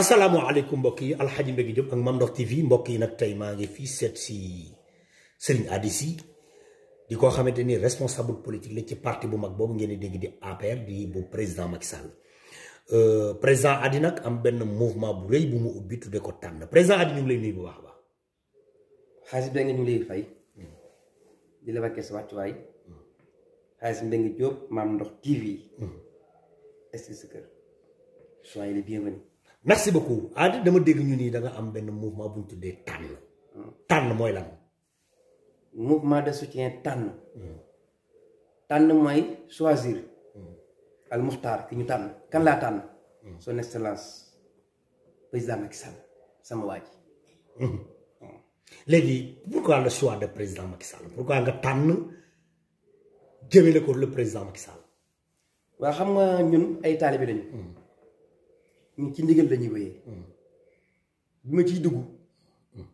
asalaamaaleykum mbokk yi alxaji Mbégi Diop ak Mame Ndokh TV mbokk yi nag tey maa ngi fii seet si Serigne Hady si di koo xamante ni responsable politique la ci parti bu mag boobu ngeen di dégg di APR di bu président Macky Sall euh, président Hady nag am benn mouvement bu rëy bu mu ubbi de ko tànn président Hady ñu ngi lay nuyu bu baax a baax. xaalis bi ñu lay fay. Hmm. di la wàccee sa wàccuwaay. xaalis Mbégi Diop Mame Ndokh TV. Hmm. est-ce que sa kër. merce beaucoup aada dama dégg ñu nii da am benn mouvement bu ñu tuddee tànn tànn mooy lan mouvement de soutien tànn hmm. tànn mooy choisir hmm. al muxtaar ki ñu tànn kan laa tànn hmm. son excellence président Macky sama waa ji léegi pourquoi le choix de président Macky Sall pourquoi nga tànn jëmele ko le président Macky Sall waaw xam nga ñun ay taalibe lañu ñun ci ndigal lañuy ñuy wéyee hmm. bi ma ciy dugg hmm.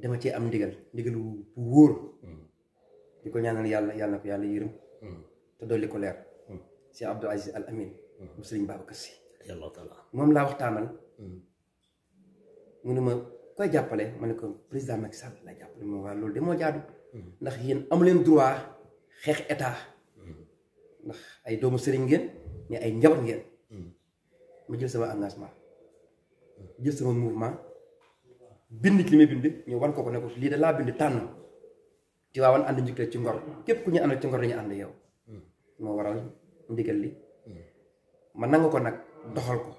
dama cee am ndigal ndigal bu wóor hmm. di ko ñaanal yàlla yàlla na ko yàlla yërëm te dolli ko leer si Abdou Aziz Al Amin mu sëriñ Babacar Si yàlla moom laa waxtaanal mu ne ma koy jàppale ma ne ko président Macky Sall la jàppale ma waa loolu de moo jaadu ndax yéen amu leen droit xeex état ndax ay doomu sëriñ ngeen mais ay njaboot ngeen ma jël sama engagement jël sama mouvement bind li may bind ñu wan ko ko ne ko lii de laa bind tànn ci waa wan ànd njukkee ci ngor képp ku ñu àndal ci ngor dañu ànd yow hmm. moo waral ndigal li ma nangu ko nag doxal ko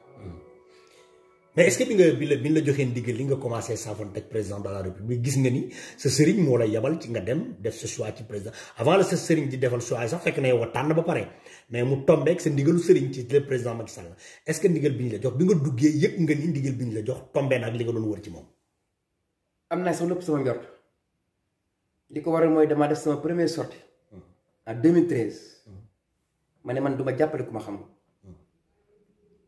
mais est-ce bi nga bi la bi la joxee ndigal li nga commencé savante ak président de la république gis nga ni sa sëriñ moo la yebal ci nga dem def sa choix ci président avant la sa sëriñ di defal choix sax fekk na yow tànn ba pare mais mu tombeek sa ndigalu sëriñ ci le président Macky Sall est-ce bi ñu la jox bi nga duggee yëg nga ni ndigal bi ñu la jox tombee nag li nga doon wër ci moom. am naa sax lépp sama njort li ko waral mooy damaa def sama première sortie hmm. en 2013 ma ne man du ma jàppale ku ma xam hmm.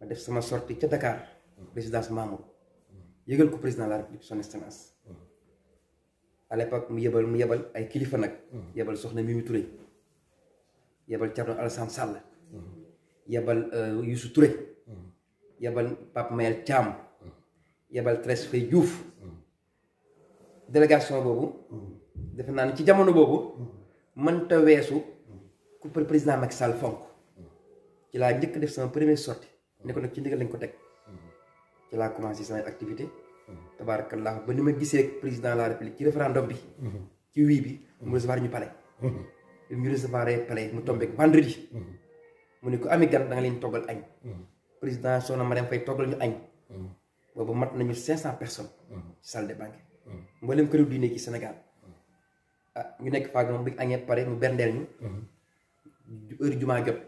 ma def sama sortie ca Dakar. résidence Mamour yëgal ko président la son excellence à l'époque mu yebal mu yebal ay kilifa nag yebal soxna Mimi Touré yebal Thierno Alassane Sall yebal euh, Youssou Touré yebal Pape Mayel Thiam yebal Thérèse Faye Diouf délégation boobu defe naa ne ci jamono boobu mënta weesu ku président Macky Sall fonk ci laa njëkk def sama première sortie ne ko nag ci ndigal lañ ko teg ci laa commencé samay activité hmm. tabarakallah ba ni ma gisee président de la république ci référendum bi hmm. ci wii bi mu recevoir ñu pale hmm. mu tombeek vendredi ko ami gan da nga leen toggal añ président Soxna Mariam Faye toggal ñu añ boobu mat nañu cinq cent personnes ci salle de banque mboolem këru diine ci Sénégal ah ñu nekk faag moom bi añee pare mu berndeel ñu heure jumaa jot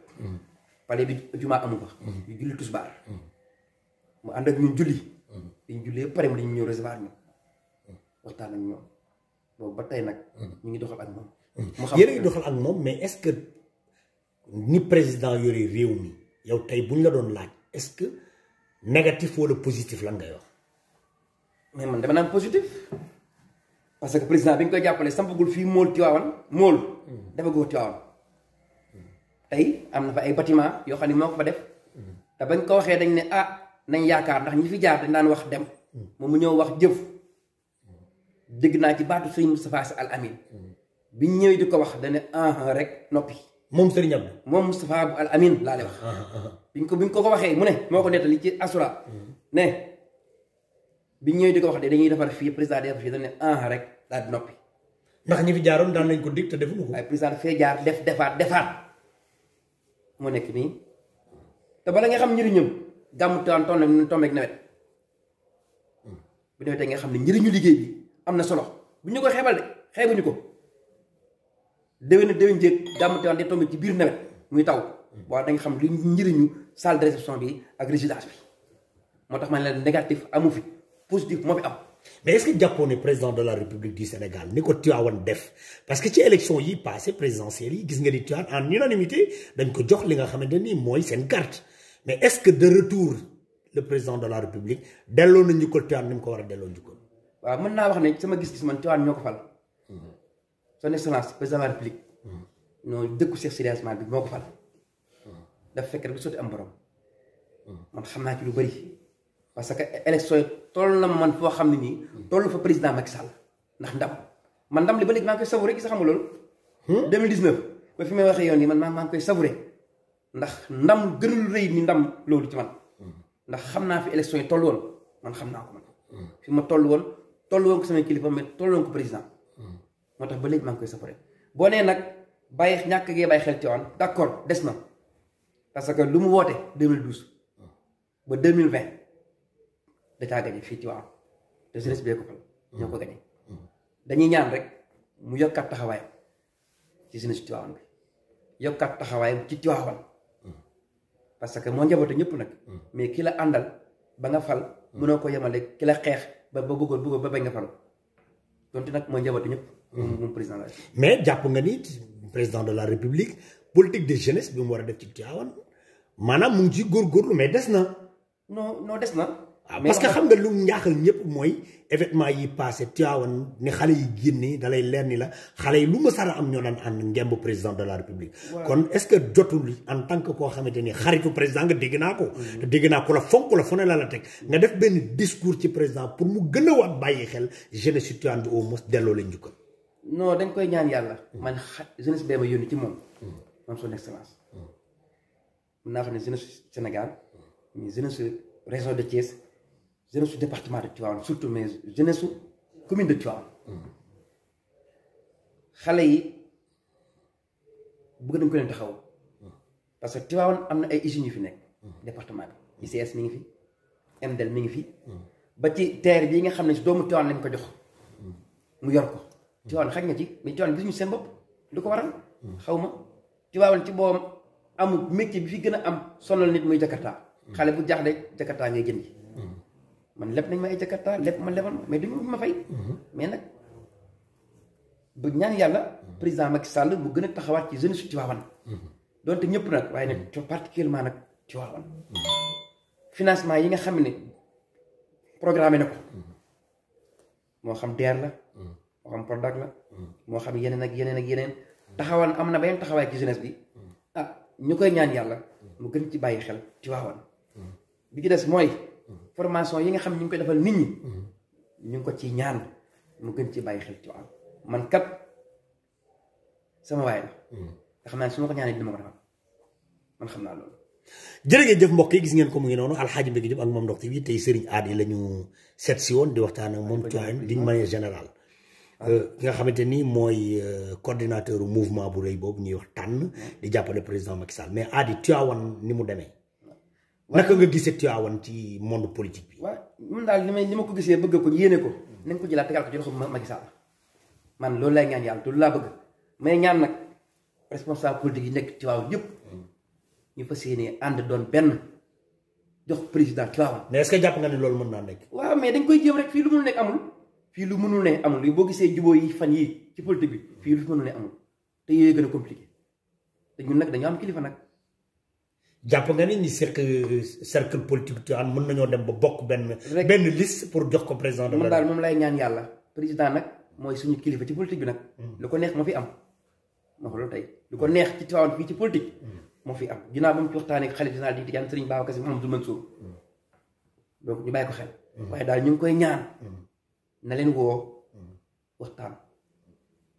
pale bi jumaa amu fa ñu julli tisbaar mu ànd ak ñun julli dañ hmm. jullee pare mu dañu ñëw recevoir ñu waxtaan ak ñoom boobu ba tey nag hmm. ñu ngi doxal ak moom hmm. mu xam yéen a ngi ak moom mais est-ce que ni président yore réew mi yow tey bu ñu la doon laaj est-ce que négatif wala positif lan ngay wax mais man dama naan positif parce que président bi ñu koy jàppale sampagul fii mool Tiwaawan mool dafa góor Tiwaawan tey am na fa ay bâtiment yoo xam ne moo ko fa def te bañ ko waxee dañ ne ah nañ yaakaar ndax ñi fi jaar dañ daan wax dem hmm. moom mu ñëw wax jëf dégg naa ci baatu sëñ Moustapha Sy Al Amine hmm. bi ñëwee di ko wax dane ah, ah rek noppi moom sëriñ Abdou moom Moustapha bu Al Amine laa lay wax ah, ah, biñ ko biñ ko ko waxee mu ne moo ko nettali ci asura hmm. ne bi ñëwee di ko wax de dañuy defar fii président di defar fii dane ah rek daal di noppi ndax ñi fi jaaroon daan nañ ko dig te defuñu ko président fee jaar def defaat defaat mu nekk nii te bala nga xam njëriñam gàmmu na ñu tombeek nawet bu nawetee nga xam ne njëriñu liggéey bi am na solo bu ñu ko xeebal de xeebuñu ko déwén déwén jéeg gàmmu Tiwaawan day ci biir nawet muy taw waaw da xam li njëriñu salle de réception bi ak résidence bi moo tax ma ne la négatif amu fi positif moo fi am. mais est-ce que jàppoon ne président de la république du Sénégal ni ko Tivaouane def parce que ci élection yi passé présidentielles yi gis nga ni Tivaouane en unanimité dañ ko jox li nga xamante ni mooy seen carte. mais est-ce que de retour le président de la république delloo na njukkal Tivaouane ni mu ko war a delloo njukkal. waaw mën naa wax ne sama gis-gis man Tivaouane ñoo ko fal. son excellence président de la république. ñoo dëkku Cheikh Sidi bi moo ko fal. dafa fekk rek du sotti am borom. man xam naa ci lu bëri. parce que élection yi toll na man foo xam ne nii. toll fa président Macky Sall ndax ndam man ndam li ba léegi maa ngi koy savouré gis nga xam nga loolu. 2019 hmm? ba fi may waxee yoon yi man maa ngi koy savouré. ndax ndam gënul rëy ni ndam loolu ci man ndax xam naa fi élection yi toll woon man xam naa ko man fi ma toll woon toll woon ko samay kilifa mais toll woon ko président moo tax ba léegi maa ngi koy safare boo nee nag bàyyi ñàkk gee bàyyi xel Tivaouane d' accord des na parce que lu mu woote 2012 ba 2020 da caa gañe fii Tivaouane te jeunesse ñoo ko gañe dañuy ñaan rek mu yokkaat taxawaayam ci jeunesse Tivaouane bi yokkaat taxawaayam ci Tivaouane parce que moo njaboote ñëpp nag. Mm. mais ki la àndal ba nga fal. Mm. mënoo ko yemale ki xeex ba ba bëggoon bëggoon ba bañ nga fal donte nag moo njaboote ñëpp. Mm. moom président mais jàpp nga ni président de la république politique de jeunesse bi mu war a def ci Tivaouane maanaam mu ngi ciy góorgóorlu mais des na. non non des na. Ah, parce que xam nga lu mu ñaaxal ñëpp mooy événement yi passé Tivaouane ni xale yi génne dalay leer ni la xale yi lu ma sara am ñoo naan ànd ngemb président de la république kon est-ce que jotul en tant que koo xamante ni xaritu président nga dégg naa ko mm-hmm. te dégg naa ko la fonk la fu ne la la teg mm-hmm. nga def benn discours ci président pour mu gën a waat bàyyi xel jeunesse bi Tivaouane bi au moins delloo la njukkal non dañ koy ñaan yàlla mm-hmm. man jeunesse bee ma yónni ci moom moom son excellence mun naa xam ne de jeunesse su département de Tivaouane surtout mais jeunesse su commune de Tivaouane xale yi bugg nañ ko leen xaw parce que Tivaouane am na ay usines yu fi nekk département bi ICS mi ngi fi MDL mi ngi fi ba ci terre bii nga xam ne si doomu Tivaouane lañ ko jox mu yor ko Tivaouane xaj nga ci mais Tivaouane ñu seen bopp lu ko waral xaw ma Tivaouane ci boobam amul métier bi fi gën a am sonal nit muy Jakarta xale bu jaaxle Jakarta ngay yi man lépp nañ ma ay jakarta lépp man lebal ma mais duñu ma fay. Mhm. mais nag bu ñaan yàlla président Macky sàll mu gën a taxawaat ci jeunesse Tivaouane. Mhm. donte ñëpp nag waaye nag ci particulièrement nag Tivaouane. Mhm. financement yi nga xam ne programmé na ko. moo xam DER la. moo xam la. moo xam yeneen ak yeneen ak yeneen. taxawaan am na beneen taxawaat ci jeunesse bi. ah ñu koy ñaan yàlla mu gën ci bàyyi xel Tivaouane. bi ci des mooy. formation yi nga xam ñu ngi koy defal nit ñi ñu ngi ko ci ñaan mu gën ci bàyyi xel ci wàll man kat sama waay la nga xam naa su ma ko ñaanee dina ma ko defal man xam naa loolu jërëjëf mbokk yi gis ngeen ko mu ngi noonu alxaaji Mbégi Jóob ak moom Ndokh TV tey Serigne Adi la ñu seet si woon di waxtaan ak moom Tivaouane d'une manière générale ah. euh, ki nga xamante ni mooy euh, coordinateur mouvement bu rëy boobu ñuy wax tànn di jàppale président Macky Sall mais Adi Tivaouane ni mu demee naka nga gisee Tiwaawan ci monde politique bi. waaw ñun daal li may li ma ko gisee bëgg ko yéene ko nañ ko jëlaat tegal ko ci ma Macky Sall man loolu lay ñaan yàlla loolu laa bëgg may ñaan nag responsable politique yi nekk Tiwaawan yëpp ñu fa yéene ànd doon benn jox président Tiwaawan. mais est-ce que jàpp nga ne loolu mën naa nekk. waaw mais dañ koy jéem rek fii lu mënul nekk amul. fii lu munu ne amul yi boo gisee jubóo yi fan yii ci politique bi fii lu mënul ne amul te yooyu gën a compliqué te ñun nag dañoo am kilifa nag. jàpp nga ni ni cercle cercle politique tuuti mën nañoo dem ba bokk benn. benn liste pour jox ko président de la. man daal moom lay ñaan yàlla président nag mooy suñu kilifa ci politique bi nag. Hmm. lu ko neex moo fi am. ma ko loolu tey lu ko neex ci Tivaouane fii ci politique. Hmm. moo fi am ginnaaw ba mu ci waxtaanee xale dinaa di tijaan Serigne hmm. ñu bàyyi ko xel. waaye daal ñu ngi koy ñaan. na leen woo waxtaan.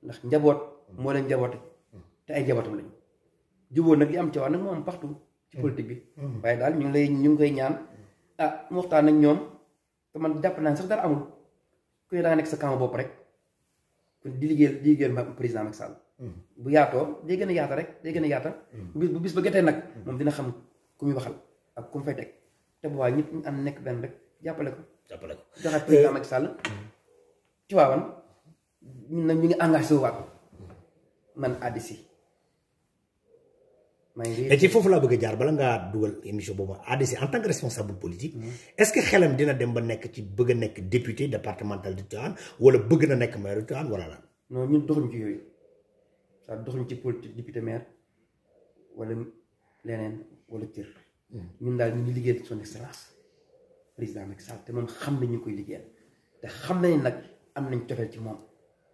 ndax njaboot moo leen njaboote. te ay njabootam lañu. jubóo nag li am Tivaouane nag moo am partout. ci politique bi. Mm. Mm. waaye daal ñu ngi lay ñu ngi koy ñaan ah mu waxtaan ak ñoom te man jàpp naa sax dara amul ku ne daa nekk sa camp bopp rek kon di liggéeyal di liggéeyal ma président Macky Sall. Mm. bu yaatoo day gën a yaata rek day gën a yaata. bu bis ba gëtee nag. moom dina xam ku muy waxal ak ku mu fay te bu waa ñëpp ñu ànd nekk benn rek jàppale ko. jàppale ko joxe président eh. Macky Sall. ci waawan ñun nag ñu ngi engagé wu waat man ADC. mais ci foofu laa bëgg a jaar bala ngaa dugal émission boobu ADC en tant que responsable politique. Mm. est-ce que xelam dina dem ba nekk ci bëgg a nekk député départemental de Tivaouane wala bëgg na nekk maire de Tivaouane wala lan. non ñun doxuñ ci yooyu sax doxuñ ci politique député maire wala leneen wala cër. Mm. ñun daal ñu ngi liggéeyal son excellence président Macky Sall te moom xam nañ ñu koy liggéeyal te xam nañ nag am nañ cofeel ci moom.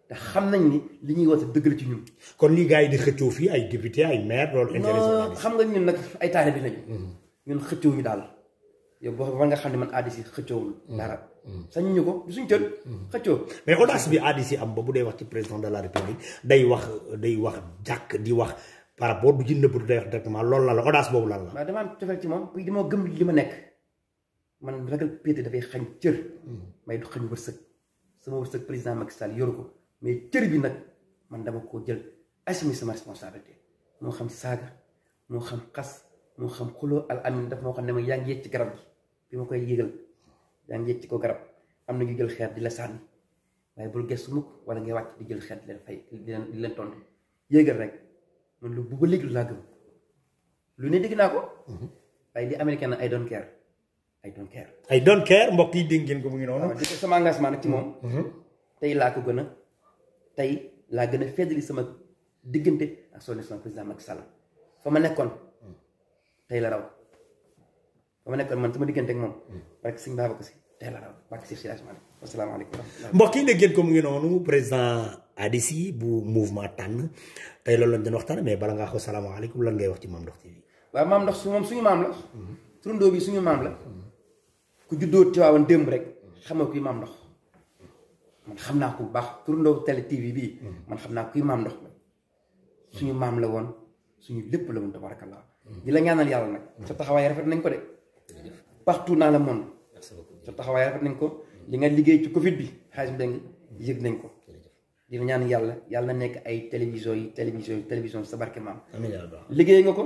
te xam nañ ni li ñuy woote dëgg la ci ñun. kon li gars yi di xëccoo fii ay député ay maire loolu intéressant xam nga ñun nag ay taalibe lañu. Mhm. ñun xëccoo ñu daal yow boo war nga xam ne man ADC xëccoowul. Mhm. dara mhm. sañ ñu ko suñ tël xëccoo. mais audace bi ADC am ba day wax ci président de la république day wax day wax jàkk di wax par rapport du ci nëbbatu day wax directement loolu lan la audace boobu lan la. waaw damaa am cofeel ci moom dama gëm li ma nekk man ragal pété dafay xañ cër. may du xañ wërsëg sama wërsëg président Macky Sall yoru ko mais cër bi nag man dama koo jël assumer sama responsabilité moo xam saaga moo xam xas moo xam xuloo al amin daf moo xam ne ma yaa ngi yëg ci garab gi bi ma koy yëgal yaa ngi yëg ci ko garab am na ñu jël xeer di la sànni waaye bul gestu wala ngay wàcc jël xeer di leen fay di rek man lu bugg ba léegi lu laa gëm lu ne dégg naa ko mhm. waaye li américain na ay don't care ay don't care ay mbokk yi dégg ko mu ngi noonu sama engagement nag moom mhm. tey laa ko gën a tey laa gën a feddali sama diggante ak son excellence président Macky Sall fa ma nekkoon tey la raw fa ma nekkoon man sama diggante ak moom parce que sëñ Babacar Si tey la raw parce que si laasman asalaamaaleykum mbokk yi dégg ngeen ko mu ngi noonu président Adissi bu mouvement tànn tey loolu lañ doon waxtaan mais bala ngaa ko salaamaaleykum lan ngay wax ci Mame Ndokh TV waaw Mame Ndokh su moom suñu maam la turandoo bi suñu maam la ku juddoo Tiwaawan démb rek xamoo kuy Mame Ndokh man xam naa ko bu baax turandoo télé TV bii. Hmm. man xam naa kuy maam ndox mi suñu hmm. maam la woon suñu lépp la woon tabarakallah hmm. di la ñaanal yàlla nag. sa taxawaay rafet nañ ko de. partout dans le monde. sa taxawaay rafet nañ ko. li nga liggéey ci Covid bi xaalis mbeng yëg nañ ko. di la ñaan yàlla yàlla nekk ay télévision yi télévision yi télévision sa barke maam. liggéey nga ko.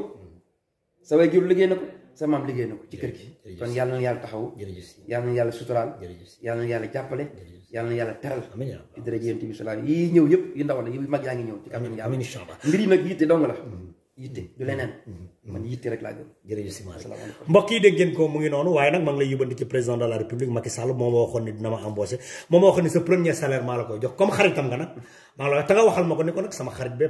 sa waajur liggéey na ko. sa maam liggéey na ko ci kër gi kon yàlla na yàlla taxawu yàlla na yàlla suturaal yàlla na yàlla jàppale yàlla na yàlla teral ci dara yéen bi salaam yi ñëw yëpp yu ndaw la yu mag yaa ngi ñëw ci kanam yàlla mbir yi la mm. yitte du mm-hmm. leneen. Mm-hmm. man yitte ko mu ngi noonu waaye nag maa lay yóbbante ci président de la république Macky Sall moo ma waxoon ne dina ma embauché moo ma waxoon ne sa premier salaire maa la koy jox comme xaritam nga nag. maa la wax te nga waxal ma ko ne ko nag sama xarit be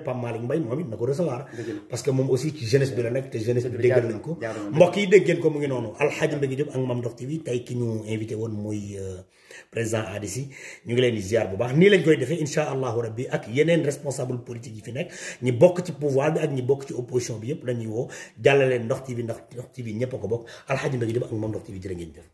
Pape moom aussi ci jeunesse bi la nekk te jeunesse bi déggal nañ ko. mbokk yi dégg ko mu ngi noonu Alxaaji Mbégi Diop ak Mame Ndokh TV tey ki ñu invité woon mooy euh, président Hady Sy ñu ngi leen di ziar bu baax nii lañ koy defee incha allahu rabbi ak yeneen responsable politique yi fi nekk ñi bokk ci pouvoir bi ak ñi bokk ci opposition bi yëpp lañuy woo jàllaleen Ndox TV ndax Ndox TV ñëpp ko bokk alxaaji mbégi dem ak moom Ndox TV jërë ngeen jëf